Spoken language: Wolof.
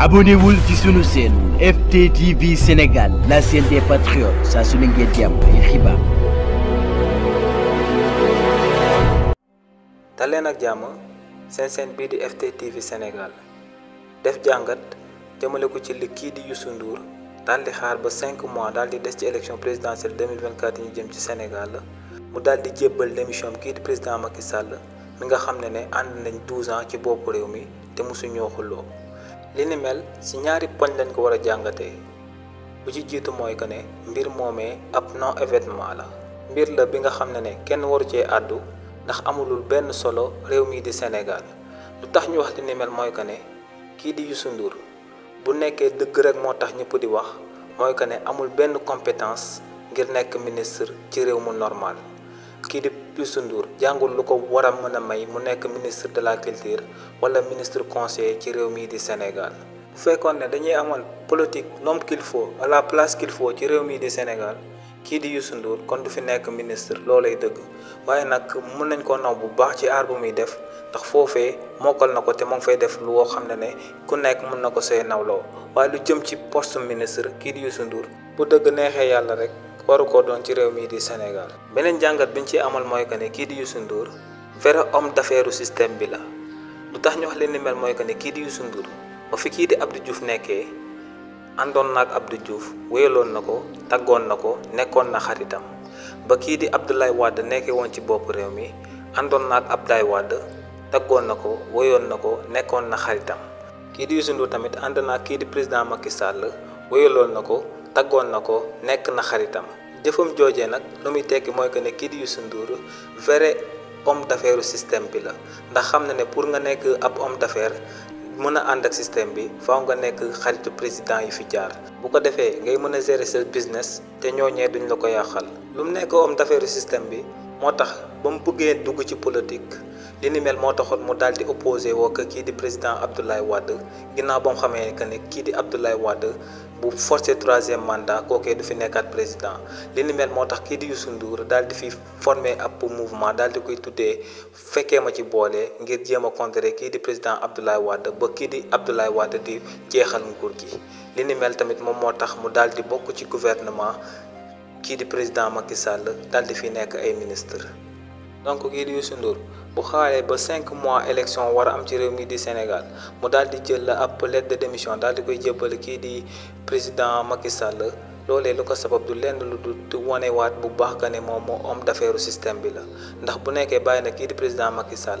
abonnez abonnewul sur sunu chaîne FTTV Sénégal la chaîne des patriotes saa su ne ngeen di am c'est xibaar. dal leen FT TV FTTV Sénégal def jàngat jëmale ko ci li kii di Youssou Ndour daal xaar ba 5 mois daal di des ci élection présidentielle 2024 yi ñu jëm ci Sénégal mu daal di jébbal démission kii di président Macky Sall mi nga xam ne ne nañ 12 ans ci bopp réew mi te mosu li ni mel ci ñaari poñ lañ ko war a jàngatee bu ci jiitu mooy que ne mbir moomee ab non événement la mbir la bi nga xam ne ne kenn waru cee àddu ndax amulul benn solo réew mii di Sénégal lu tax ñu wax li ni mel mooy que ne kii di Youssou Ndour bu nekkee dëgg rek moo tax ñëpp di wax mooy que ne amul benn compétence ngir nekk ministre ci réew mu normal kii di Youssou Ndour jàngul lu ko war a mën a may mu nekk ministre de la culture wala ministre conseiller ci réew mii di Sénégal bu fekkoon ne dañuy amoon politique l'homme qu'il faut à la place qu'il ci réew mii di Sénégal kii di Youssou Ndour kon du fi nekk ministre loolay dëgg waaye nag mun nañ koo naw bu baax ci aar bu muy def ndax foofee mokkal na ko te moom fay def lu woo xam ne ne ku nekk mën na ko see nawloo waaye lu jëm ci post ministre kii di Youssou Ndour bu dëgg neexee yàlla rek waru koo doon ci réew mii di Sénégal beneen jàngat biñ ci amal mooy que ne kii di Youssou Ndour vrai homme d'affaires système bi la lu tax ñu wax leen ni mel mooy que ne kii di Youssou Ndour ba fi kii di Abdou Diouf nekkee àndoon na ak Abdou Diouf na ko taggoon na ko nekkoon na xaritam ba kii di Abdoulaye Wade nekkee woon ci bopp réew mi àndoon na ak Abdoulaye Wade taggoon na ko woyoon na ko nekkoon na xaritam kii di Youssou tamit ànd naa ak kii di président Macky Sall wéyaloon na ko taggoon na ko nekk na xaritam jëfam joojee nag lu muy tekki mooy que ne kii di Youssou Ndour vrai homme d'affaires système bi la ndax xam na ne pour nga nekk ab homme d'affaires mën a ànd ak système bi faaw nga nekk xaritu président yi fi jaar bu ko defee ngay mën a gérer sa business te ñooñee duñ la ko yàqal lu mu nekk homme d'affaires système bi moo tax ba mu bëggee dugg ci politique li ni mel moo taxoon mu daal di opposé woo que kii di président Abdoulaye Wade ginnaaw ba mu xamee que ne kii di Abdoulaye Wade bu forcé troisième mandat kookee du fi nekkaat président li mel moo tax kii di Youssou Ndour daal di fi formé ab mouvement daal di koy tuddee fekkee ma ci boole ngir jéem a contrer kii di président Abdoulaye Wade ba kii di Abdoulaye Wade di jeexal nguur gi li mel tamit moom moo tax mu daal di bokk ci gouvernement. kii di président Macky Sall dal di fi nekk ay ministre donc kii di Youssou Ndour bu xaalee ba cinq mois élection war a am ci réew mi di Sénégal mu daal di jël ab lettre de démission daal di koy jébbal kii di président Macky Sall loolee lu ko sabab du lenn lu du wane waat bu baax que ne moom moo homme d'affaires système bi la ndax bu nekkee bàyyi na kii di président Macky Sall